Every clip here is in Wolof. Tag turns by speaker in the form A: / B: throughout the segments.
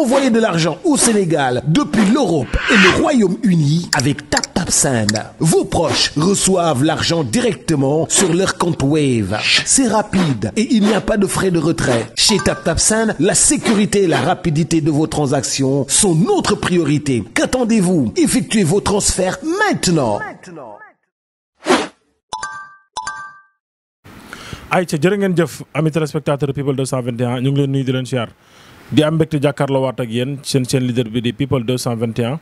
A: envoyez de l'argent au Sénégal depuis l'Europe et le Royaume-Uni avec TapTapSend.
B: Vos proches reçoivent l'argent directement sur leur compte Wave. C'est rapide et il n'y a pas de frais de retrait. Chez TapTapSend, la sécurité et la rapidité de vos transactions sont notre priorité. Qu'attendez-vous? Effectuez vos transferts maintenant. maintenant. ay ca jërë ngeen jëf ami téléspectateur people 221 ñu ngi leen nuyu di am mbégte jàkkaarloo waat ak yéen seen seen leader bi di people 221.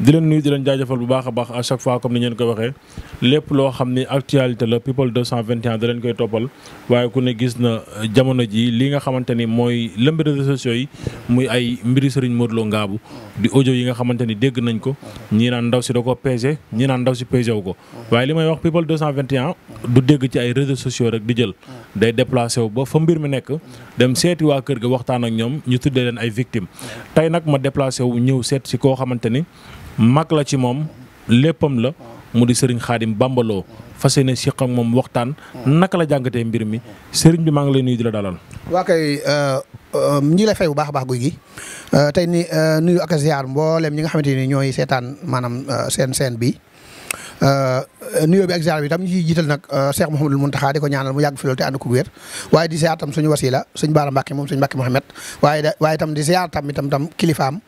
B: di leen nuyu di leen bu baax a baax à chaque fois comme ni ngeen ko waxee lépp loo xam ni actualité la people 221 da leen koy toppal waaye ku ne gis na euh, jamono ji li nga xamante mooy lëmbi réseaux sociaux yi muy ay mbiri Serigne Modou Lo Ngaabu di audio yi nga xamante ni dégg nañ ko ñii naan ndaw si da ko pesé ñii naan ndaw si pesé wu ko waaye li may wax people 221 du dégg ci ay réseaux sociaux rek di jël day déplacé wu ba fa mbir mi nekk dem seeti waa kër ga waxtaan ak ñoom ñu tuddee leen ay victimes tey nag ma déplacé wu ñëw seet si koo xamante ni mag la ci moom léppam la mu di sëriñ xaadim bambaloo fas yéene si moom waxtaan naka la jàngatee mbir mi sëriñ bi maa ngi lay nuyu di la dalal.
A: waa kay euh, euh, ñi la fay bu baax a baax guy gi euh, tey ni nuyu ak mboolem ñi nga xamante ni ñooy seetaan maanaam seen seen bi. Euh, nuyoo bi ak ziar bi tam ñu ciy jiital nag euh, Cheikh Mouhamadul Mountakha di ko ñaanal mu yàgg fi loolu te ànd ko wér waaye di ziar tam suñu wasila suñu Baara Mbacke moom suñu Mbacke Mouhamed tam di ziar tam itam tam kilifaam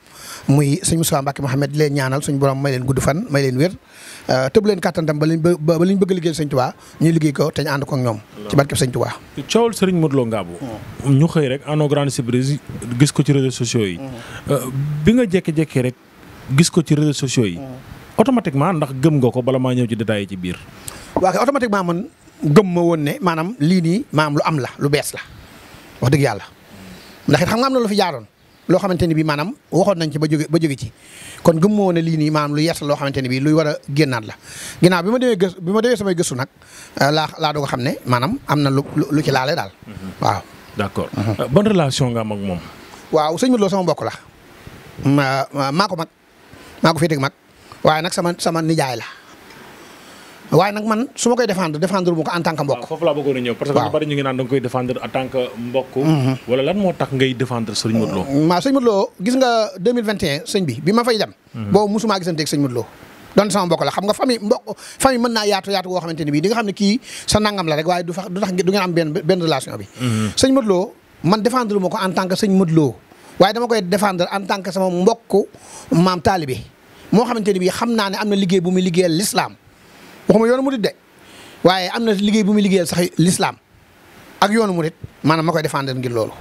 A: muy suñu Moussa Mbacke Mouhamed di leen ñaanal suñu borom may leen gudd fan may leen wér euh, tëb leen kàttan tam ba liñ ba bëgg liggéeyal sëñ Tuubaa ñu liggéey ko te ñu ànd ko ak ñoom ah. ci barkeb sëñ Tuubaa
B: coowal Serigne Modou Lo Ngabou ñu xëy rek en grande surprise gis ko ci réseaux sociaux yi mm. bi nga jékki-jékki rek gis ko ci réseaux sociaux yi mm. automatiquement ndax gëm nga
A: ko bala maa ñëw ci détails yi ci biir. waaw kay automatiquement man gëm ma woon ne maanaam lii nii maanaam lu am la lu bees la wax dëgg yàlla ndax it xam nga am na lu fi jaaroon loo xamante ni bii maanaam waxoon nañ ci ba jóge ba jóge ci kon gëm ma woon lii nii maanaam lu yees la loo xamante ni bii luy war a génnaat la ginnaaw bi ma demee gës bi ma demee samay gëstu nag euh, laa laa doog xam ne maanaam am na lu lu ci laale daal mhm. waaw. d'accord mhm. euh, ban relation nga am ak moom. waaw sëñ bi loolu sama mbokk la. maa ko mag maa ko féetee mag. waaye nag sama nijaay la waaye nag man su ma koy défendre défendre ko en tant que mbokk. waaw
B: foofu laa a ñëw parce
A: que mhm. moo tax ngay défendre sëñ Modou Lo. Euh, waaw sëñ Modou Lo gis nga 2021 sëñ bi bi ma fay dem. Mhm. boobu mosuma gisante ak sëñ Modou Lo. xam nga famille mbokk famille mën naa yaatu yaatu boo xamante ne bii di nga ne kii sa nangam la rek am benn benn relation bi. Mhm. sëñ Modou Lo man ma ko en tant que sëñ Modou Lo waaye dama koy defendre en tan que sama mbokk maam taalibe moo xamante ni bii xam naa ne am na liggéey bu muy liggéeyal lislaam waxuma yoonu murit de waaye am na liggéey bu muy liggéeyal sax lislaam ak yoonu murit maanaam ma koy défendre ngir loolu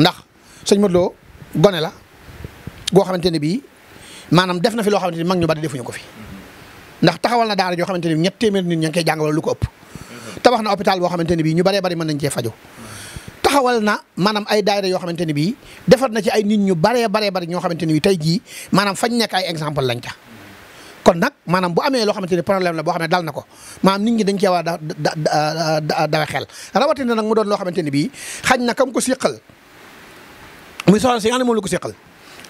A: ndax sëñ Modou Lo gone la goo xamante ne bii maanaam def na fi loo xamante ni mag ñu bari ñu ko fi ndax taxawal na daara joo xamante ni ñett téeméer nit ña ngi koy jàng wala lu ko ëpp tabax na hôpital boo xamante ne bii ñu baree bari mën nañ cee faju taxawal na maanaam ay daayira yoo xamante ne bii defar na ci ay nit ñu baree baree bari ñoo xamante ne bii tey jii maanaam fañ nekk ay exemple lañ ca kon nag maanaam bu amee loo xamante ni problème la boo xam ne dal na ko maanaam nit ñi dañ cee war a da dawe xel rawatina nag mu doon loo xamante ne bii xañ na kam ko siqal muy soxla si nga ne moom la ko siqal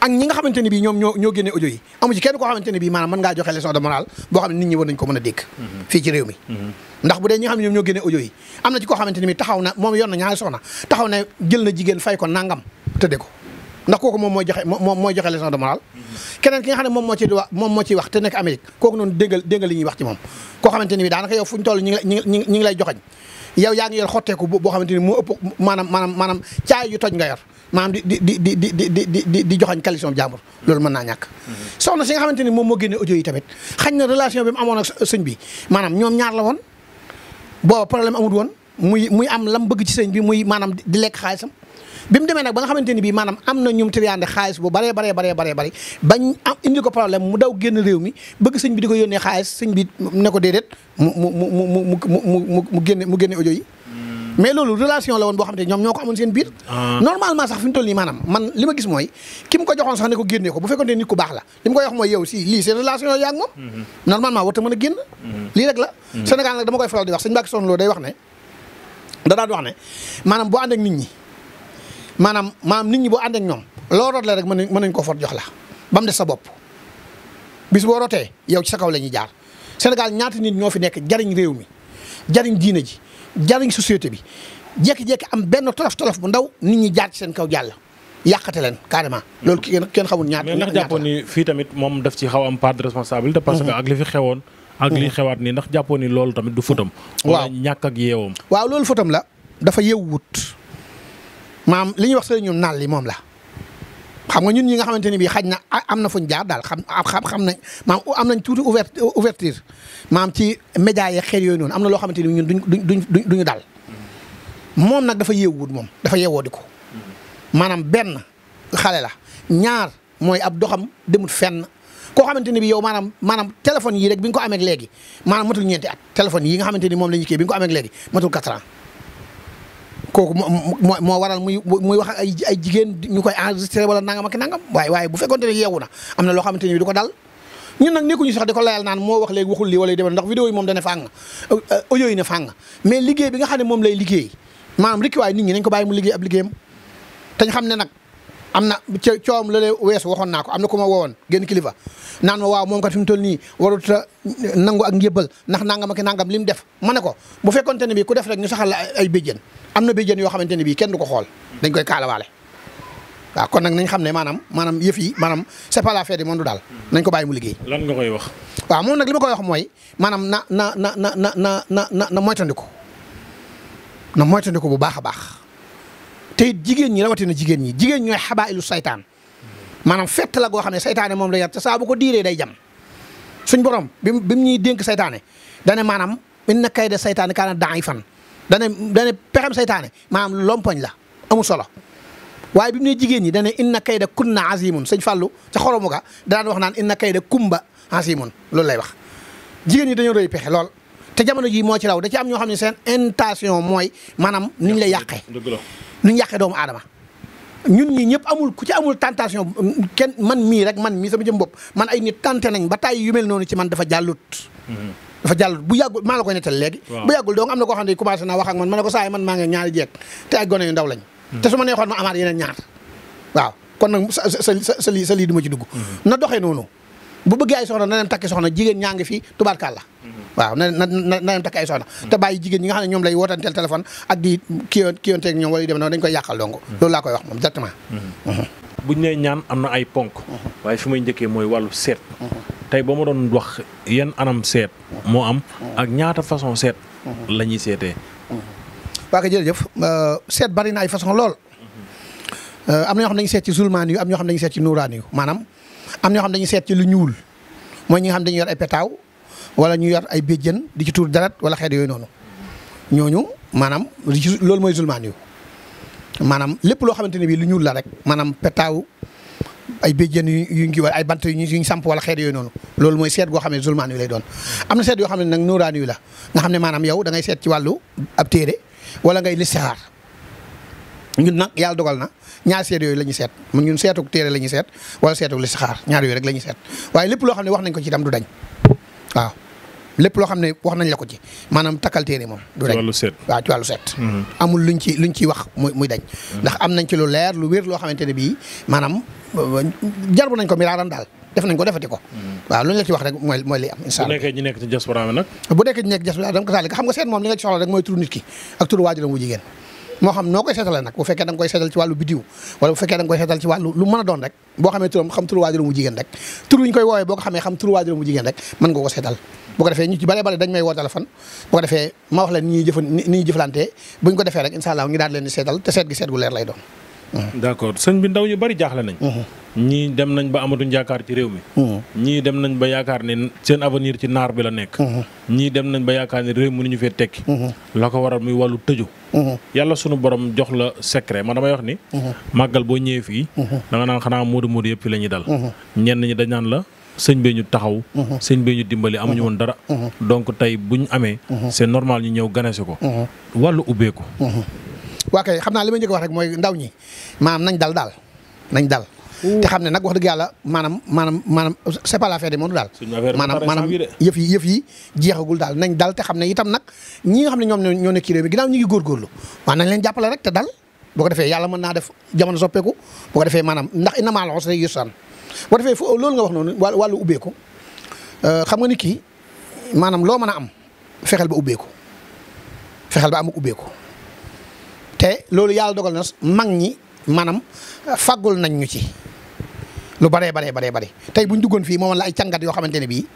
A: ak ñi nga xamante ne bii ñoom ñoo ñoo génne audio yi amu ci kenn koo xamante ne bii joxe leçon de morale boo xam ne a dégg mhm. fii
C: mhm.
A: na ci taxaw na moom yor na ñaari soxna taxaw na jël na jigéen fay ko nangam tëdde ko ndax kooku moom mooy joxe moom mooy joxe leçon de morale mhm. keneen ki nga xam moom moo ci wax wax te nekk Amérique kooku noonu déggal déggal wax ci moom koo xamante ne bii daanaka yow fuñ toll ñi ngi ñi ngi lay joxañ yow yaa ngi yor xotteeku boo xamante ni moo ëpp maanaam maanaam maanaam caay yu toj nga yor maanaam di di di di di di di di di joxañ calation jàmbur loolu mën naa ñàkk mm-hmm. soxna si nga xamante ni moom moo génne audio yi tamit xañ na relation bi mu amoon ak sëñ bi maanaam ñoom ñaar la woon boo problème amut woon muy muy am lam bëgg ci sëñ bi muy maanaam di lekk xaalisam bi mu demee nag ba nga xamante ni bii maanaam am na ñum triande xaalis bu baree baree baree baree bëri bañ am ko problème mu daw génn réew mi bëgg sëñ bi di ko yónnee xaalis sëñ bi ne ko déedéet mu mu mu mu mu mu génne mu génne audio yi mais loolu relation la woon boo xam ne ñoom ñoo ko amoon seen biir normalement sax fi mu toll nii maanaam man li ma gis mooy ki mu ko joxoon sax ne ko génnee ko bu fekkoon ne nit ku baax la li mu koy wax mooy yow si lii seen relation yooyu a génn lii rek la Sénégal nag dama koy di wax sëñ Mbacke Soxna Lo day wax wax ne maanaam boo ànd ak ñi maanaam maanaam nit ñi boo ànd ñoom loo root la rek mën nañ mën nañ ko fot jox la ba mu des sa bopp bis boo rootee yow ci sa kaw la ñuy jaar Sénégal ñaata nit ñoo fi nekk jariñ réew mi jariñ diine ji jariñ société bi jekki jékki am benn tolof tolof bu ndaw nit ñi jaar ci seen kaw jàll yàqate leen carrément. loolu ki kenn xamul ñaata mais ndax jàppoon
B: ni fii tamit moom daf ci xaw am part de responsabilité. parce que mhm. ak li fi xewoon. ak li mhm. xewaat nii ndax jàppoon ni loolu tamit du fëtam. waaw wala ñàkk ak waaw loolu fëtam la
A: dafa yeewuwut maam li ñuy wax sëriñu naal li moom la xam nga ñun ñi nga xamante ni bii xaj na am na fuñ jaar daal xam xam xam nañ maam am nañ tuuti ouvert ouverture maam ci média yi xel yooyu noonu am na loo xamante ni ñun duñ duñ duñu daal moom nag dafa wut moom dafa yeewoo di ko maanaam benn xale la ñaar mooy ab doxam demut fenn koo xamante ni bi yow maanaam maanaam yi yii rek bi nga ko amee léegi maanaam matul ñeenti at téléphone yi nga xamante moom la ñu kii bi nga ko amee léegi matul quatre kooku moo moo waral muy muy wax ay ay jigéen ñu koy enregistré wala nangam ak nangam waaye waaye bu fekkonte ne yeewu na am na loo xamante ni du ko dal ñun nag nekkuñu sax di ko layal naan moo wax léegi waxul lii wala yu demee ndax vidéo yi moom dana euh, fàng mais liggéey bi nga xam ne moom lay liggéey maanaam rikki waay nit ñi nañ ko bàyyi mu liggéey ab liggéeyam tañ xam ne nag am na ca coowam la lay weesu waxoon naa ko am na ku ma woowoon génn kilifa naan ma waaw moom kat fi mu toll nii warut a nangu ak nax ndax nangam ak nangam li mu def ma ne ko bu fekkonte ne bi ku def rek ñu saxal ay béjjén am na béjjén yoo xamante ne bii kenn du ko xool dañ koy kaalawaale waaw kon nag nañ xam ne maanaam maanaam yëf yi maanaam c'est pas la fin du daal nañ ko bàyyi mu liggéey. lan nga koy wax. waaw moom nag li koy wax mooy maanaam na na na na na na na na na moytandiku na moytandiku bu baax a baax tey jigéen ñi rawatina jigéen ñi jigéen ñooy xabaayilu saytaan maanaam fett la goo xam ne saytaane moom la yar te saa bu ko diiree day jam suñ borom bi mu ñuy dénk saytaane dane maanaam inna kayda saytaane kaana da'ifan dane dane pexem saytaane maanaam lompoñ la amu solo waaye bi mu ne jigéen ñi dane inna kayda kunna azimun sëñ Fallou ca xoromu ga daan wax naan inna kayda kumba azimun loolu lay wax jigéen ñi dañoo rëy pexe lool te jamono jii moo ci raw da ci am ñoo xam ne seen intention mooy maanaam ni ñu lay yàqee ni ñu yàqee doomu aadama ñun ñi ñëpp amul ku ci amul tentation kenn man mii rek man mii sama jëm bopp man ay nit tenté nañ ba tàyyi yu noonu ci man dafa jàllut mm-hmm. dafa jàll bu yàggul maa la koy nettal léegi bu yàggul donc am na koo xam ne commencé naa wax man ma ne man maa ngi ñaari jeeg te ay gone yu ndaw lañ hmm. te su ma neexoon ma amaat yeneen ñaar waaw kon nag sa sa sa lii sa lii du ma ci dugg hmm. na doxe noonu bu bëggee ay soxna na leen takki soxna jigéen ñaa ngi fi tubaarkàlla waaw na na na leen takki ay soxna te bàyyi jigéen ñi nga xam ne ñoom lay wootanteel téléphone ak di kiyoon kiyonteeg ñoom wala yu dem noonu dañ koy yàqal dong loolu laa koy wax moom exactement mm-hmm. buñ ne ñaan am
B: na ay ponk mm-hmm. waaye fi may njëkkee mooy wàllu seet mm-hmm. tey ba ma doon wax yan anam seet moo am ak ñaata façon seet la ñuy seetee
A: waa ko jërëjëf euh, seet bari na ay façon lool Euh, am na ñoo xam dañuy seet ci zulmaan yu am ñoo xam dañuy seet ci maanaam am ñoo xam seet ci lu ñuul mooy ñi nga xam dañuy yor ay petaaw wala ñu yor ay béjjën di ci tuur darat wala xeet yooyu noonu ñooñu maanaam loolu mooy zulmaan yu maanaam lépp loo xamante ne bii lu ñuul la rek maanaam petaaw ay béjjën yu ñu ay bant yu ñu samp wala xeet yooyu noonu loolu mooy seet goo xam ne zulmaan yu lay doon am na seet yoo xam ne nag nuuraan yu la nga xam ne maanaam yow da ngay seet ci wàllu ab téere wala ngay listixaar ñun nag yàlla dogal na ñaar seet yooyu la ñuy seet mun ñun seetuk téere la seet wala seetuk ñaar yooyu rek la ñuy seet waaye lépp loo xam ne wax nañ ko ci itam du lépp loo xam ne wax nañ la ko ci maanaam takkal téere moom du dañ waaw ci wàllu seet mhm. amul luñ ci luñ ciy wax muy muy dañ mhm. ndax am nañ ci lu leer lu wér loo xamante ne bii maanaam euh, jarbu nañ ko miraaran daal def nañ ko defati ko mhm. waaw lu ñu la ci wax rek mooy mooy li am incha bu nekkee ñu nekk ci nag bu nekkee ñu nekk diaspora dam ko sàlli xam nga seet moom li nga ci soxla rek mooy moo xam noo koy seetalee nag bu fekkee da nga koy seetal ci wàllu bidiw wala bu fekkee da nga koy seetal ci wàllu lu mën a doon rek boo xamee turam xam turu waajur mu jigéen rek tur nga ko seetal bu ko defee ñu ci bu ñu ko defee rek incha allah ñu daan leen seetal te seet gi seet gu leer lay doon
B: d' accord sëñ bi ndaw ñu bari jaaxle nañ. Mhm. ñii dem nañ ba amatuñ yaakaar ci réew mi. Mhm. ñii dem nañ ba yaakaar ne seen avenir ci naar bi la nekk. Mhm. ñii dem nañ ba yaakaar ne réew mënuñu fee tekki. la ko waral muy wàllu tëju. yàlla sunu borom jox la secret man damay wax ni. màggal boo ñëwee fii. da nga naan xanaa moodu moodu yëpp fi la ñuy dal. ñenn ñi dañ naan la. sëñ bee ñu taxaw sëñ bee ñu dimbali amuñu woon dara donc tey buñ amee c'est normal ñu ñëw ganesi ko
A: waa kay xam naa li ma njëkk wax rek mooy ndaw ñi maanaam nañ dal daal nañ dal. te xam ne nag wax dëgg yàlla maanaam maanaam maanaam c'est pas l'affaire du monde daal. maanaam yëf yi yëf yi jeexagul daal nañ dal te xam ne itam nag ñi nga xam ne ñoom ñoo nekk ci réew mi ginnaaw ñu ngi góorgóorlu waaw nañ leen jàppale rek te dal boo ko defee yàlla mën naa def jamono soppeeku boo ko defee maanaam ndax inna ma'al usri yusran boo defee fu loolu nga wax noonu wàllu ubbeeku euh, xam nga ni kii maanaam loo mën a am fexeel ba ubbeeku fexeel ba am te loolu yàlla dogal na mag ñi maanaam faggul nañ ñu ci lu baree bare baree bare tey bu ñu fii moom la ay càngat yoo xamante ne bii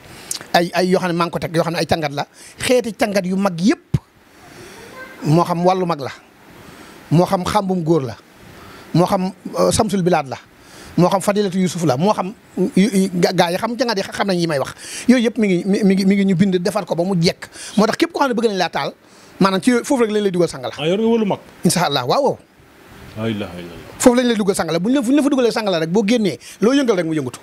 A: ay ay yoo xam ne ko teg yoo xam ne ay càngat la xeeti càngat yu mag yëpp moo xam wàllu mag la moo xam xambum góor la moo xam euh, samsul bilaad la moo xam fadilatu yusuf la moo xam gaa yi xam càngat yi xam nañ yi may wax yooyu yëpp mi ngi mi ngi mi ngi ñu bind defar ko ba mu jekk moo tax képp koo xam ne bëgg nañ laa taal maanaam ci foofu rek lañ lay dugal sangala. ah waaw waaw. foofu lañ lay dugal sangala buñ la fuñ la fa boo génnee loo yëngal rek mu yëngatu.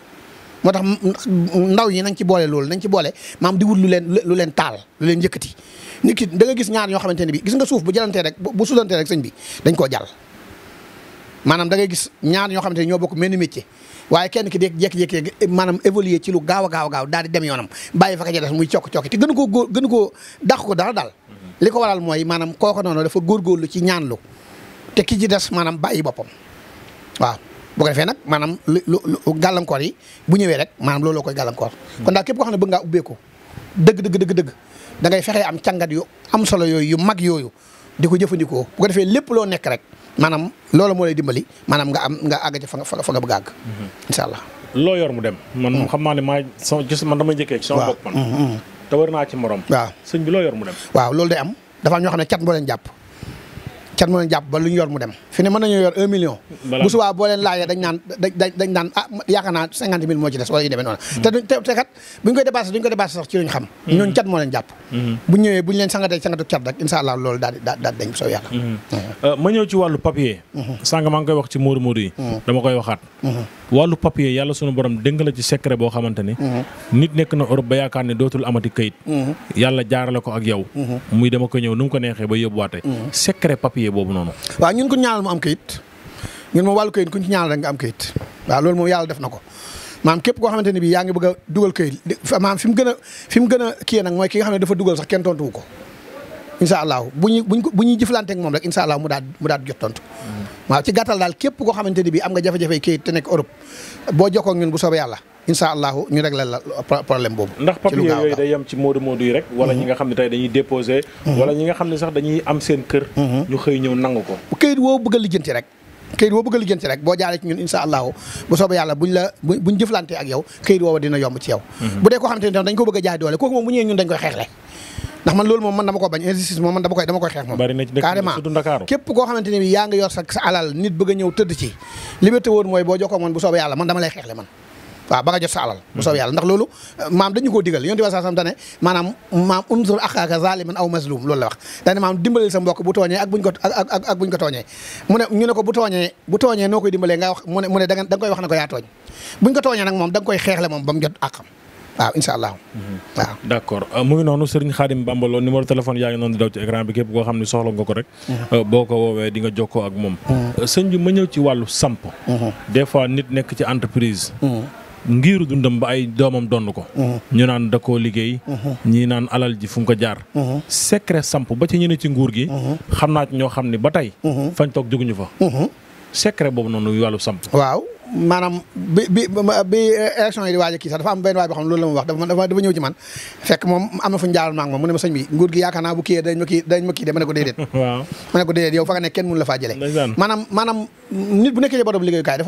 A: moo yi nañ ci boole loolu nañ ci boole maam di wut leen lu leen taal lu leen yëkkati da nga gis ñaar ñoo xamante ne bi gis nga suuf bu jalantee rek bu sudantee rek sëñ bi dañ koo jàll maanaam da ngay gis ñaar ñoo xamante ne ñoo bokk menn métier waaye kenn ki dee jékki-jékki maanaam évoluer ci lu gaaw a gaaw a gaaw daal di dem yoonam bàyyi fa ka ca des muy cokk-cokk te gënu ko góor gënu koo ko dara li ko waral mooy maanaam kooku noonu dafa góorgóorlu ci ñaanlu te ki ci des maanaam bàyyi boppam waaw bu ko defee nag maanaam lu gàllankoor yi bu ñëwee rek maanaam looloo koy gàllankoor. kon daal képp koo ne bëgg ngaa ubbeeku dëgg dëgg dëgg dëgg da ngay am càngat yu am solo yooyu yu mag yooyu di ko jëfandikoo ko defee lépp loo nekk rek maanaam loolu moo lay dimbali maanaam nga am nga àgg ci fa nga fa nga bëgg a àgg. Mhm. allah. loo yor mu dem. man mhm. xam naa ne maa sama gis man dama njëkkee ci sama man. Mhm. te war naa ci morom. waaw sëñ bi mu dem. waaw loolu day am dafa ñoo xam ne cat moo leen jàpp cat moo leen jàpp ba lu ñu yor mu dem fi ne mën nañoo yor un million bu subaa boo leen laajee dañ naan dañ ah, naa cinquante mille moo ci des wala yu demee noonu mm-hmm. te duñ te
B: boo xamante mm-hmm. nit nekk na Europe ba yaakaar ne dootul amati kayit mm-hmm. yàlla jaarale ko ak yow muy dama ko ñëw nu ko neexee ba yóbbuwaate secret papier boobu noonu.
A: waaw ñun ku ñaanal mu am kayit ñun moom wàllu kayit ku ñu ci ñaanal rek nga am kayit waaw loolu moom yàlla def na ko maam képp koo xamante ne yaa ngi bëgg a dugal kayit maam fi mu gën mu gën a kii nag mooy ki nga xam ne dafa dugal sax kenn tontu wu ko incha allah bu ñuy bu ñuy jëflante ak moom rek incha allah mu daal mu daal jot tontu. Mm. waaw ci gàttal daal képp koo xamante ni bii am nga jafe-jafe kayit te nekk Europe boo jokkoo ak ñun bu soobee yàlla incha allahu ñu réglé la problème boobu. ndax papier yooyu day yem ne tey dañuy mhm. ne sax dañuy am seen kër. Mhm. ñu xëy ñëw nangu woo bëgg a lijjanti rek. këyit woo bëgg a lijjanti rek boo jaaree ci ñun insha allahu mhm. a jaay doole kooku moom bu ñëwee ñun dañ yaa ngi yor sa alal nit bëgg a ñëw tëdd ci liberté woon mooy boo jokkoo moon bu soobee yàlla man dama lay xeexle man waaw ba nga jot sa alal bu soob yàlla ndax loolu maam dañu koo digal yonent bi sallallahu alayhi wasallam maanaam maam unsur axaaka zaliman aw mazlum loolu la wax dane maam dimbalil sa mbokk bu tooñee mu ne ñu ko bu tooñee noo koy dimbalee nga wax mu ne mu koy wax ne ko yaa tooñ buñ ko tooñee nag moom da koy xeexle moom ba mu jot àqam waaw incha allah.
B: Mm-hmm. waaw euh, mu ngi noonu Serigne Khadim Bamba Lo téléphone yaa noonu daw ci écran bi képp koo ngiiru dundam ba ay doomam donn ko. Uh-huh. ñu naan da koo liggéey. Uh-huh. ñii naan alal ji fu mu ko jaar. Uh-huh. secret samp ba ci ñeneen ci nguur gi. xam naa ci ñoo xam ne ba tey.
A: fañ toog jóguñu fa. secret boobu noonu wàllu samp. maanaam bi bi bi élection yi di waaj a kii sax dafa am benn waay boo xam ne loolu la ma wax dafa ñëw ci man fekk moom am na fu maa ngi moom mu ne ma ne ko déedéet waaw fa nekk kenn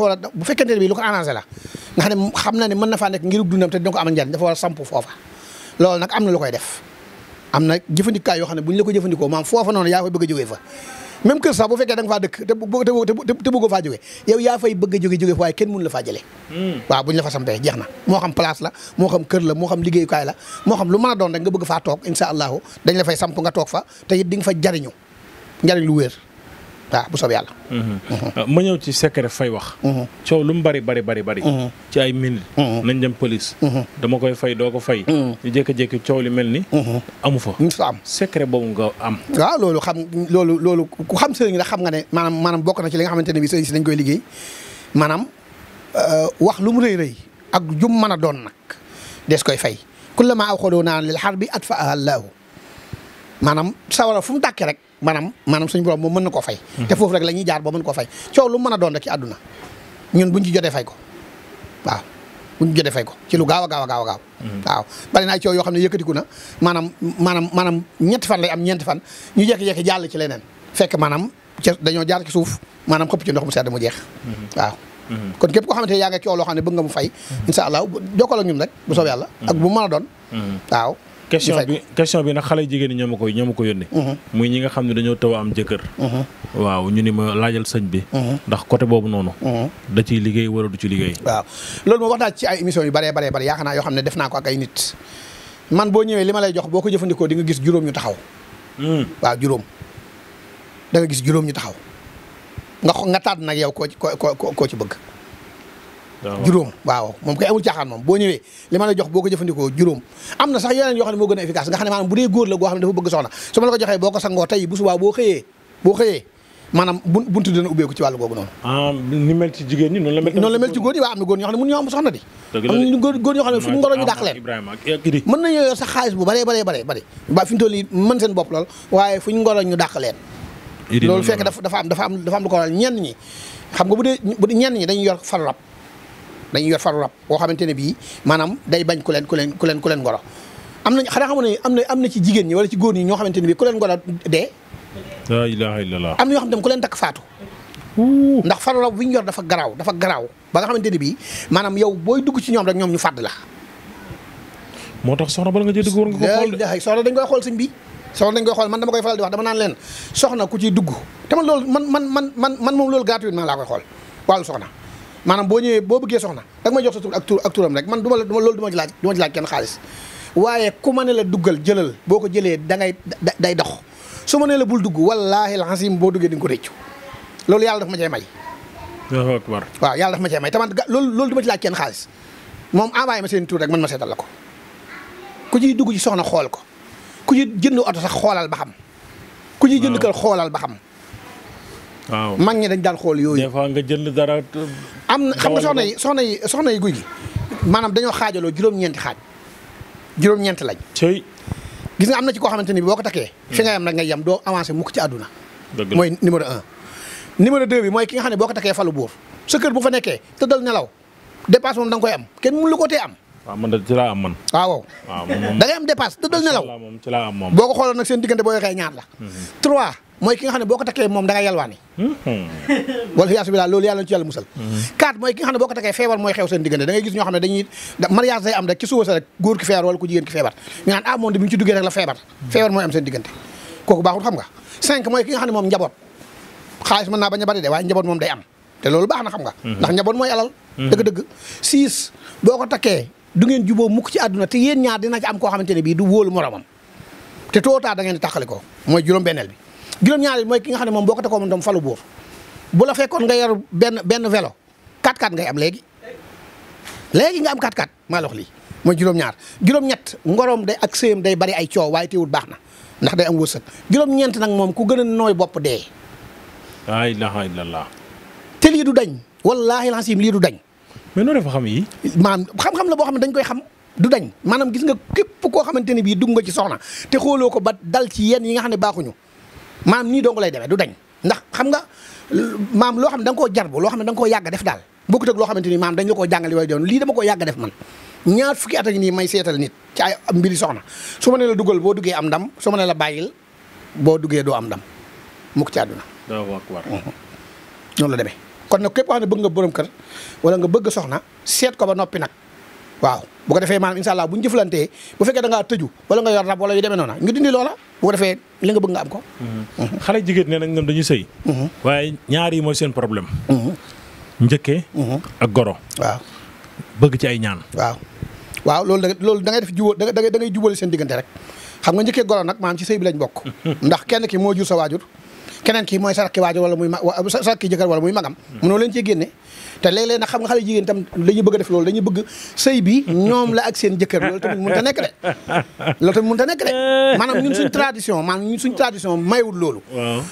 A: a bu fekkente ngir dundam te dina ko njariñ dafa war a samp foofa loolu nag am na lu koy def am na jëfandikaay yoo xam ne bu ñu la ko jëfandikoo maam foofa noonu yaa koy bëgg a jógee fa même kër sax bu fekkee da nga faa dëkk te te bëggoo faa jóge yow yaa fay bëgg a jóge jóge waaye kenn mënu la faa jële hmm. waaw buñ la fa sampee jeex na moo xam place la moo xam kër la moo xam liggéeyukaay la moo xam lu mën a doon rek nga bëgg faa toog insha allahu dañ la fay samp nga toog fa te it nga fa jariñu njariñ lu wéer waaw bu soobee
B: yàlla. Mhm. ma ñëw ci secret fay wax. Mhm. coow lu mu bari bari bari bari. Mhm. ci ay minutes. nañ dem police. dama koy fay doo ko fay. ñu jékki-jékki coow li mel
A: ni. amu fa mu am secret boobu nga am. waaw loolu xam loolu ku xam sëriñ la xam nga ne maanaam maanaam bokk na ci li nga xamante ne bii sëriñ si dañ koy liggéey maanaam euh, wax lu mu rëy rëy ak jum mën a doon nag des koy fay. kullama aw xooloo naan lil xar bi at fa allahu maanaam sawara fu mu tàkkee rek maanaam maanaam suñu borom moom mën na koo fay hmm. te foofu rek la jaar ba mën koo fay coow lu mën a doon rek ci ko waaw buñ ci ko ci lu gaaw gaaw gaaw a gaaw hmm. waaw bari naa coow yoo xam ne yëkkatiku na maanaam maanaam maanaam ñetti fan lay am ñeenti fan ñu jékki-jékki jàll ci leneen fekk maanaam ca dañoo jaar ci suuf maanaam xëpp ci ndox mu sedd mu jeex hmm. waaw kon képp koo xamante ne yaa nga coow xam ne bëgg nga mu fay incha allah jokkoo la ñun rek bu soobee yàlla ak bu man a doon waaw question bi
B: question bi nag xale jigéen ñi ñoo ma koy ko yónnee. Mhm. muy ñi nga xam ne dañoo taw am jëkkër. Mhm. waaw ñu ni ma laajal sëñ bi. Mhm. ndax côté boobu noonu. da ciy liggéey wala du ci liggéey.
A: waaw loolu moom wax ci ay émissions yu baree baree bare yaakaar naa yoo xam ne def naa ko ak ay nit man boo ñëwee li ma lay jox boo ko jëfandikoo di nga gis juróom ñu taxaw. Hmm. waaw juróom da nga gis juróom ñu taxaw nga xo nga tànn nag yow koo ci ci bëgg. juróom waaw moom kay amul caaxaan moom boo ñëwee li ma la jox boo ko jëfandikoo juróom am na sax yeneen yoo xam ne moo gën a efficace nga xam ne maanaam bu dee góor la goo xam ne dafa bëgg soxna su ma la ko joxee boo ko sangoo tey bu subaa ah, ñi noonu la mel noonu na góor sax xaalis bu baree baree baree bari ba fi mu toll nii mën seen bopp lool waaye fu ñu ngoro ñu dàq leen loolu fekk dafa am dafa am dafa am ko waral ñenn ñi xam nga bu dee ñi dañ yor faru rab dañuy yor faru rab boo xamante ne bii maanaam day bañ ku leen ku leen ku leen ku leen ngoro am nañ xanaa xamoon ne am na am na ci jigéen ñi wala ci góor ñi ñoo xamante ne bii ku leen ngoro dee
B: la ilaha am na ñoo
A: xam ne ku leen takk ndax faru rab ñu yor dafa garaaw dafa garaaw ba nga xamante ne bii maanaam yow booy dugg ci ñoom rek ñoom ñu fàdd la
B: moo tax soxna bala nga jël dugg war nga ko xool
A: de soxna dañ koy xool sëñ bi soxna dañ koy xool man dama koy faral di wax dama naan leen soxna ku ciy dugg te man man man man man man moom loolu gratuitement laa koy xool wàllu soxna maanaam boo ñëwee boo bëggee soxna danga may jox ak tur rek man du ma la loolu du ma ci laaj du ma ci laaj kenn xaalis waaye ku ma ne la duggal jëlal boo ko jëlee da day dox su ma ne la bul dugg wallaahi alxasim boo duggee di nga ko réccu loolu yàlla daf ma cay may waaw yàlla daf ma cay may tamit loolu loolu du ma ci kenn xaalis moom envoyé ma seen tur rek man ma seetal la ko ku ciy dugg ci soxna xool ko ku ci jënd oto sax xoolal ba xam ku ciy jënd kër xoolal ba xam waaw mag
B: ñi dañ daan xool yooyu. des fois nga jënd dara.
A: am na xam nga soxna yi soxna yi soxna yi guy gi maanaam dañoo xaajaloo juróom-ñeenti xaaj juróom-ñeenti lañ. tey. gis nga am na ci koo xamante ni boo ko takkee. fi nga ngay yem doo avancé mukk ci àdduna. mooy numéro un. numéro deux bi mooy ki nga xam ne boo ko takkee falu buur sa kër bu fa nekkee tëddal nelaw dépasse moom da koy am kenn mun la ko tee am. waaw man de ci laa am man. Ah, waaw da ngay am dépasse tëddal nelaw.
B: moom ci laa am boo
A: ko xooloon nag seen diggante boo yokkee ñaar la. Mhm. mooy ki nga xam ne boo ko takkee moom da yalwaani hmm. wala yaasu bi laa loolu yàlla ci yàlla musal hmm. quatre mooy ki nga xam ne boo ko takkee feebar mooy xew seen diggante da gis ñoo xam ne dañuy mariage day am rek ci suba sa rek góor ki feebar wala ku jigéen ki feebar ñu naan ah moom de bi ñu ci duggee rek la feebar feebar mooy am seen diggante kooku baaxul xam nga cinq mooy ki nga xam ne moom njaboot xaalis mën naa bañ a njaboot moom day na xam nga hmm. ndax ko takkee du ngeen juboo mukk ci àdduna te yéen ñaar dina ci koo xamante ne bii du wóolu moromam te tootaa da ngeen di tàqalikoo bi juróom-ñaari mooy ki nga xam ne moom boo ko takkoo moom tam falu buur bu la fekkoon nga yor benn benn vélo 4 x ngay am léegi léegi nga am 4x4 maa lox lii mooy juróom-ñaar juróom ngoroom day ak sëyam day bari ay coow waaye teewul baax na ndax day am wërsëg juróom-ñeent nag moom ku gën a nooy bopp dee.
B: laa ilaaha illallaah.
A: te lii du dañ wallaahi laasim lii du dañ. mais noonu dafa xam yi maanaam xam-xam la boo xam ne dañ koy xam du dañ maanaam gis nga képp koo xamante ne bii dugg nga ci soxna te xooloo ko ba dal ci yenn yi nga xam ne baaxuñu maam nii dong lay demee du dañ ndax xam nga maam loo xam ne da nga koo jarbu loo xam ne da nga koo yàgg def daal bokkut ak loo xamante ni maam dañ la koo jàngale way doon lii dama koo yàgg def man ñaar fukki at nii may seetal nit ci ay mbiri soxna su ma ne la dugal boo duggee am ndam su ma ne la bàyyil boo duggee doo am ndam mukk ci àdduna mhm. noonu la demee kon nag képp koo ne bëgg nga borom kër wala nga bëgg soxna seet ko ba noppi nag waaw bu ko defee maanaam incha allah bu ñu jëflantee bu fekkee dangaa tëju wala nga yor rab wala yu demee noona ñu dindi loola bu ko defee li nga bëgg nga am ko.
B: Mm-hmm. dañuy sëy. Mm-hmm. waaye ñaar yi mooy seen mm-hmm. njëkkee. ak goro. waaw bëgg ñaan.
A: waaw waaw loolu loolu da ngay def jubóo da ngay da ngay jubóole seen diggante rek xam nga njëkkee goro nag maanaam ci sëy bi lañ bokk. ndax kenn ki moo jur sa waajur keneen ki mooy sa ki waajur wala muy ma sarak ki jëkkër wala muy magam. mënoo leen cee génne te léeg-léeg nag xam nga xale jigéen tam dañuy bëgg a def loolu dañuy bëgg sëy bi ñoom la ak seen jëkkër loolu tamit mënta nekk de loolu tamit mënta nekk de maanaam ñun suñ tradition maanaam ñun suñ tradition mayewul loolu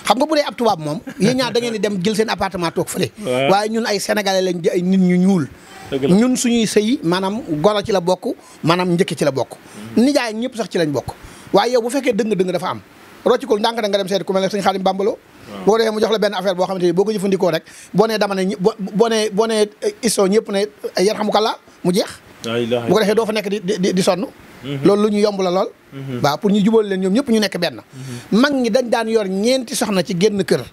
A: xam nga bu dee ab tubaab moom yéen ñaar da dem jël seen appartement toog fële waaye ñun ay sénégalais lañ ay nit ñu ñuul ñun suñuy sëy maanaam goro ci la bokk maanaam njëkk ci la bokk nijaay ñëpp sax ci lañ bokk waaye yow bu fekkee dëng dëng dafa am roccikul ndànk da nga dem seet ku mel ne sëñ Xaadim Bambalo boo dee mu jox la benn affaire boo xamante ni boo ko jëfandikoo rek boo nee dama ne boo nee boo nee iso ñëpp ne yar xamukallaa mu jeex bu ko defee doo fa nekk di di sonn mhm. loolu lu ñu yomb la lool mhm. waaw pour ñu jubal leen ñoom ñëpp ñu nekk benn mhm. mag ñi dañ daan yor ñeenti soxna ci genn kër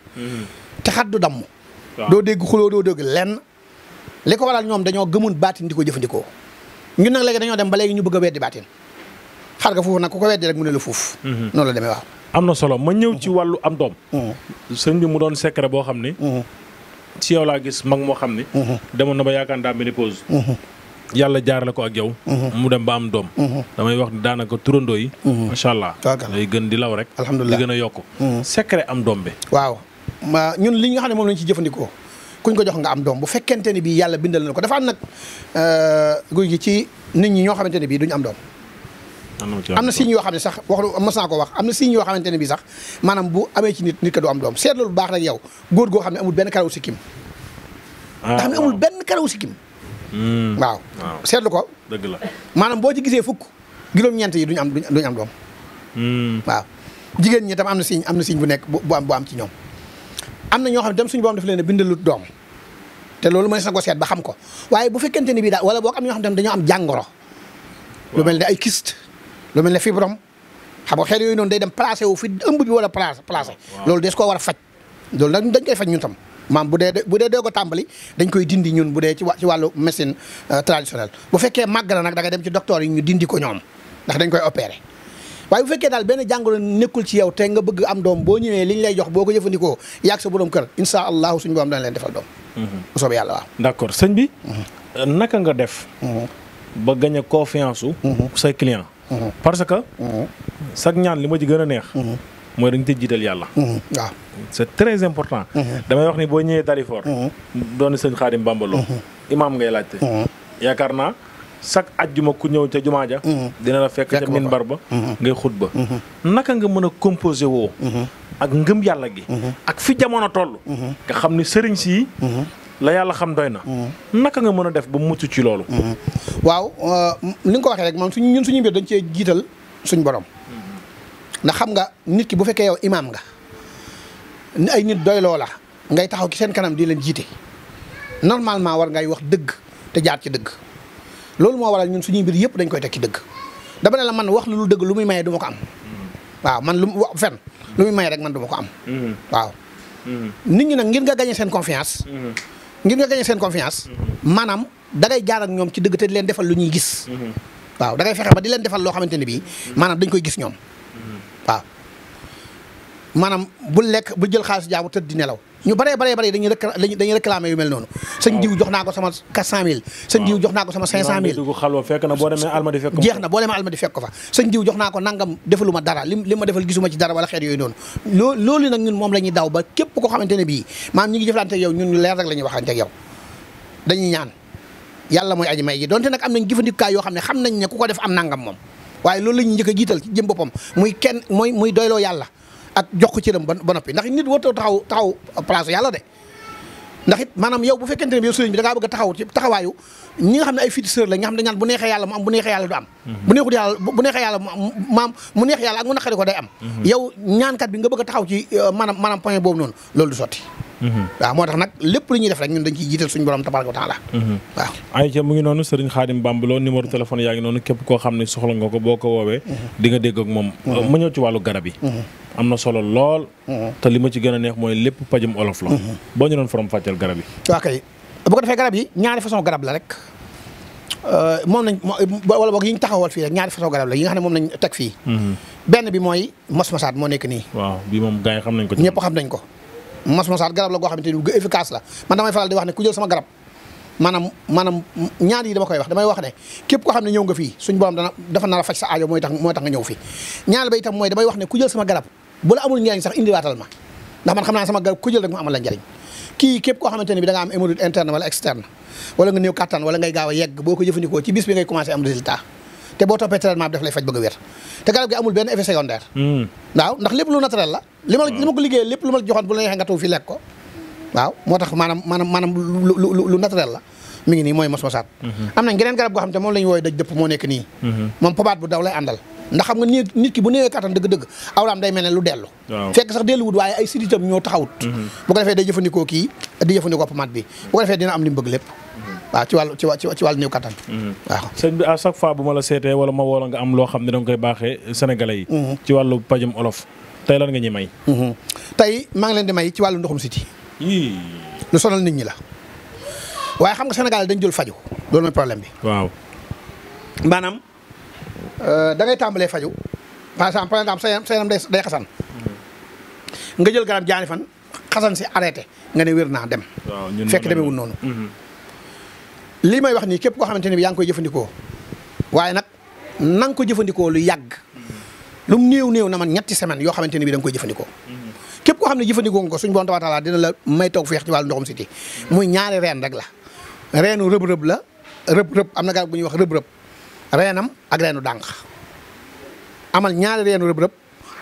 A: te xat du damm doo dégg xuloo doo dégg lenn li ko waral ñoom dañoo gëmun baatin di ko jëfandikoo ñun nag léegi dañoo dem ba léegi ñu bëgg a weddi baatin xar nga foofu nag ku ko mu ne lu fuuf noonu demee waaw am na solo ma ñëw ci wàllu am doom. Mm-hmm. sëñ bi mu doon
B: secret boo xam ni. Mm-hmm. ci yow laa gis mag moo xam ni. Mm-hmm. demoon na ba yaakaar daa ménopause. yàlla jaarale ko ak yow. mu dem ba am doom. damay wax ni daanaka turandoo yi. macha
A: allah day gën di law rek. alhamdulilah di gën a yokk. secret am doom bi. waaw ma ñun li nga xam ne moom lañ ci jëfandikoo kuñ ko jox nga am doom bu fekkente ni bii yàlla bindal na ko dafa am nag euh, guy ci nit ñi ñoo xamante ne bii duñ am doom. am na signes yoo xam ne sax wax mas naa ko wax am na signes yoo xamante ne bi sax maanaam bu amee ci nit nit ka du am doom seet loolu baax rek yow góor goo xam ne amul benn karaw sikkim nga ah, xam ne amul benn karaw sikkim hmm. waaw seetlu ko dëgg la maanaam boo ci gisee fukk juróom yi duñu am duñu am doom hmm. waaw jigéen ñi tam am na signe am na signe bu nekk bu am bu am ci ñoom am na ñoo xam ne tam suñu boom daf leen a bindalut doom te loolu mooy sa ko seet ba xam ko waaye bu fekkente ni bii daal wala boog am ñoo xam ne dañoo am jàngoro lu mel ni ay kist lu mel ne fibrom xam nga xeet yooyu noonu day dem placé wu fi ëmb bi wala placé placé loolu des koo war a faj loolu nag dañ koy faj ñun tam maam bu dee bu dee doo ko tàmbali dañ koy dindi ñun bu dee ci ci wàllu médecine euh, traditionnelle bu fekkee màgg na nag da nga dem ci docteur yi ñu dindi ko ñoom ndax dañ koy opéré waaye bu fekkee daal benn jàngoro nekkul ci yow te nga bëgg am doom boo ñëwee li ñu lay jox boo ko jëfandikoo yàgg sa borom kër insha allahu suñu borom dana leen defal doom
B: mm-hmm. bu soobee yàlla waaw mm-hmm. naka nga def mm-hmm. ba gañ a confiance su say client parce que. Mhm. sag ñaan li ma ci gën a neex. Mhm. mooy dañu tëj jiital yàlla. Mhm. waaw c'est très important. damay wax ni boo ñëwee Dalifort. doon sëñ Xaadim Bambaloo. imaam ngay laajte. yaakaar naa chaque ajjuma ku ñëw ca jumaa ja dina la fekk ca minbar ba. ngay xutba. naka nga mën a composé woo. ak ngëm yàlla gi. ak fi jamono toll. nga xam ni sëriñ si. la yàlla xam doy na. Mm-hmm. naka nga mën a def ba mu mucc ci
A: loolu. Mm-hmm. waaw uh, ni nga ko waxee rek moom suñ ñun suñu mbir dañ cee jiital suñ borom. Mm-hmm. ndax xam nga nit ki bu fekkee yow imaam nga ni ay nit doy loola ngay taxaw ci seen kanam di leen jiite normalement war ngay wax dëgg te jaar ci dëgg loolu moo waral ñun suñuy mbir yëpp dañ koy teg ci dëgg dama ne la man wax lu dëgg lu muy maye du ma ko am. waaw man lu fen lu muy maye rek man du ma ko am. waaw nit ñi nag ngir nga gagné seen confiance. ngir nga gagné seen confiance mhm. maanaam da ngay jaar ñoom ci dëgg te leen defal lu ñuy gis mhm. waaw da fexe ba di leen defal loo xamante ne bii mhm. maanaam dañ koy gis ñoom waaw maanaam bul lekk bu jël xaalis jaamu tëdd di nelaw ñu bare baree baree dañuy dañuy dañuy réclamé yu mel noonu. waaw sëñ diw jox naa ko sama 400000. waaw sëñ diw jox naa ko sama 500000. waaw xalwa na boo demee alma di fekk ko fa jeex na boo demee alma di fekk ko fa. sëñ diw jox naa ko nangam defaluma dara lim ma defal gisuma ci dara wala xeet yooyu noonu loolu nag ñun moom la daw ba képp koo xamante ne bii maam ñi ngi jëflante yow ñun leer rek la ñuy yow dañuy ñaan yàlla mooy aji may ji donte nag am nañ jëfandikaay yoo xam ne xam nañ ne ku ko def am nangam moom waaye loolu la ñuy njëkk a jiital ci jëm boppam muy kenn muy muy doyloo ak jox ko cëram ba noppi ndax nit warut taxaw taxaw place yàlla de. ndax it maanaam yow bu fekkente ne yow sëriñ bi da bëgg a taxaw ci taxawaayu ñi nga xam ne ay féticheurs la nga xam ne ñaan mhm. mu neex yàlla ak mu naqari ko day am mhm. yow ñaankat bi nga bëgg a taxaw ci euh, maanaam point boobu noonu loolu du sotti mhm. waaw moo tax nag lépp lu ñuy def rek ñun dañ ciy jiital suñu borom tabaraka wa waaw ay ca mu ngi
B: noonu sëriñ Xaadim Bambaloo numéro téléphone yaa ngi am na solo lool. Mm-hmm. te li ma ci gën a neex mooy lépp pajum olof la. Mm-hmm. boo ñu doon forom fàcceel garab yi.
A: waaw kay bu garab yi ñaari façon garab la rek euh, moom lañ wala boog yi ñu taxawal fii rek ñaari façon garab la yi nga xam ne moom lañ teg fii. Mm-hmm. benn bi mooy mos-mosaat moo nekk nii. waaw bi moom gars yi xam nañ ko. ñëpp xam nañ ko mos-mosaat garab la goo xamante ni lu efficace la man damay faral di wax ne ku sama garab. maanaam maanaam ñaan yi dama koy wax damay wax ne képp koo xam ne ñëw nga fii suñ borom dana dafa nar a faj sa aajo mooy tax mooy tax nga ñëw fii ñaar ba itam mooy damay wax ne ku jël sama garab bu la amul njariñ sax indiwaatal naa sama garab ku jël kii képp ko xam ne bi da nga am hémorroïde interne wala externe wala nga néew kattan wala ngay gaaw a yegg boo ko jëfandikoo ci bis bi ngay commencé am résultat te boo toppee traitement bi daf lay faj bëgg a wér te garab gi amul benn effet secondaire hmm. waaw lépp lu naturel la li ma li ma ko waaw moo tax maanaam maanaam maanaam lu lu naturel la mu ngi nii mooy mos-mosaat. Mhm. am nañ geneen garab goo xam te moom la ñu wooyee dëpp moo nekk nii. Mhm. moom pobaat bu daw lay àndal. ndax xam nga ni nit ki bu néewee kattan dëgg-dëgg awraam day mel ne lu dellu fekk sax delluwut waaye ay siditam ñoo taxawut mhm. bu ko defee day jëfandikoo kii di jëfandikoo pommade bi bu ko defee dina am li bëgg lépp waaw ci wàllu ci kattan waaw ne danga koy baaxee sénégalais yi ci wàllu pajum olof tey lan nga ñuy may maa ngi leen di may ci wàllu ndoxum siti lu sonal nit ñi la waaye xam nga Sénégal dañ jël faju loolu mooy problème bi. waaw maanaam euh, da ngay tàmbalee faju par exemple par exemple sa yaram sa yaram day xasan nga jël garab jaani fan xasan si arrêté nga ne wér naa dem. fekk demewul noonu. Mhm. lii may wax nii képp koo xamante ne bi yaa ngi koy jëfandikoo waaye nag na nga ko jëfandikoo lu yàgg lu mu néew néew na man ñetti semaine yoo xamante ne bi da koy jëfandikoo. Mhm. koo xam ne jëfandikoo nga ko suñ borom tabaaraka dina la may toog feex ci wàllu ndoxum siti muy ñaari reen rek la reenu rëb-rëb la rëb am na garab bu ñuy wax rëb-rëb reenam reenu dànq amal ñaari reenu rëb-rëb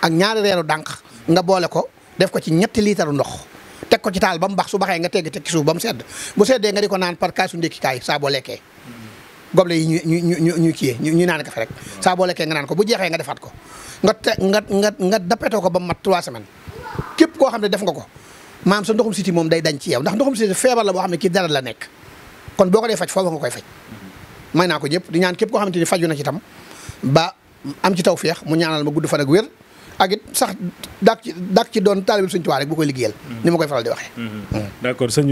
A: ak ñaari reenu dànq nga boole ko def ko ci ñetti liitaru ndox teg ko ci taal ba mu bax su baxee nga tegg teg ci suuf ba mu sedd bu seddee nga di ko naan par kaasu ndékkikaay saa boo lekkee goble yi ñu ñu ñu ñu kiyee ñu naan kafe rek saa boo lekkee nga naan ko bu jeexee nga defaat ko nga te nga nga nga dappetoo ko ba mu mat képp koo xam ne def nga ko maam sa ndoxum siti moom day dañ ci yow ndax ndoxum siti feebar la boo xam ne kii dara la nekk kon boo ko dee faj foofu nga koy faj may naa ko ñëpp di ñaan képp koo xamante ni faju na ci tam ba am ci taw feex mu ñaanal ma gudd fan ak wér ak it sax dàq ci dàq ci doon taalibe Sëñ Tuubaa rek bu koy liggéeyal. ni ma koy faral di mm-hmm.
B: a mm-hmm. xam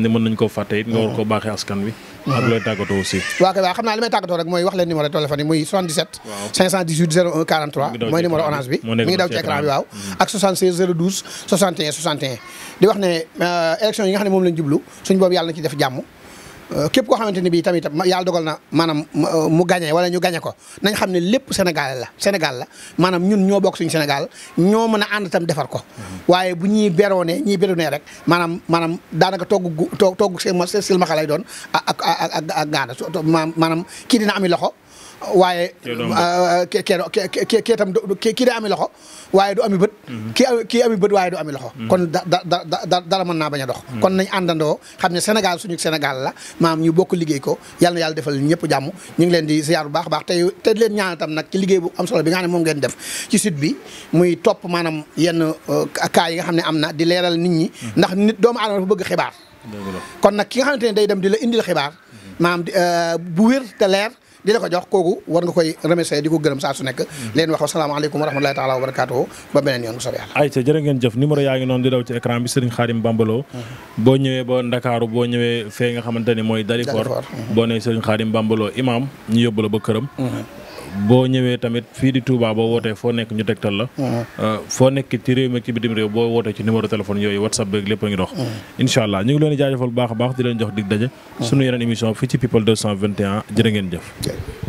B: ne mën nañu koo fàtte it nga war koo baaxee askan wi. ak waaw
A: kay waaw xam naa li may tàggatoo rek mooy wax leen numéro téléphone yi muy 77. 518 01 43. mooy numéro orange bi mu daw ci bi waaw. Mm. ak 76 012 61 61. di wax ne euh, élection yi nga xam moom lañ jublu suñu boobu yàlla na ci def jàmm Euh, képp koo xamante ni bii tamit yàlla dogal na maanaam euh, mu gañe wala ñu gañe ko nañ xam ne lépp Sénégal la Sénégal la maanaam ñun ñoo bokk suñu Sénégal ñoo mën a ànd itam defar ko mm-hmm. waaye bu ñuy beroone ñuy beroone rek maanaam maanaam daanaka togg togg silmaxa lay doon ak ak ak gaana maanaam kii dina ami loxo waaye. Ah, ah, kee kee kee tam kii day ami loxo waaye du ami bët. Mhm. ki kii ami bët waaye du ami loxo. Mhm. kon da da da dara mën naa bañ a dox. Mhm. kon nañ àndandoo xam ne Sénégal suñu Sénégal la maam ñu bokk liggéey ko yal na yàlla defal ñëpp jàmm ñu ngi leen di ziar bu baax baax tey te leen ñaan tam nag ci liggéey bu am solo bi nga xam ne moom ngeen def ci site bi muy topp maanaam yenn euh, cas yi nga xam ne am na di leeral nit ñi. ndax nit doomu aadama dafa bëgg xibaar. kon nag ki nga xamante ne day dem di la indil xibaar maam euh, bu wér te leer di la ko jox kooku war nga koy remercier di ko gërëm saa su nekk mm-hmm. leen wax wasalaamaaleykum wa rahmatulahi taala wa barakaatuhu ba beneen yoon bu soobee
B: yàlla ayca jërë ngeen jëf numéro yaa ngi noonu di daw ci écran bi Serigne Khadim Bambalo mm-hmm. boo ñëwee ba Ndakaaru boo ñëwee fee nga xamante ni mooy Dalifort mm-hmm. boo ne Serigne Khadim Bambalo imam ñu yóbbu la ba këram boo ñëwee tamit fii di Touba boo wootee foo nekk ñu tegtal la. Ah. Euh, foo nekk ci réew mi ci bitim réew boo wootee ci numéro téléphone yooyu WhatsApp beeg lépp a ngi dox. Ah. incha allah ñu ngi leen di jaajëfal baax a baax di leen jox dig daje. Ah. sunu yeneen émission fii ci people 221 jërë ngeen jëf.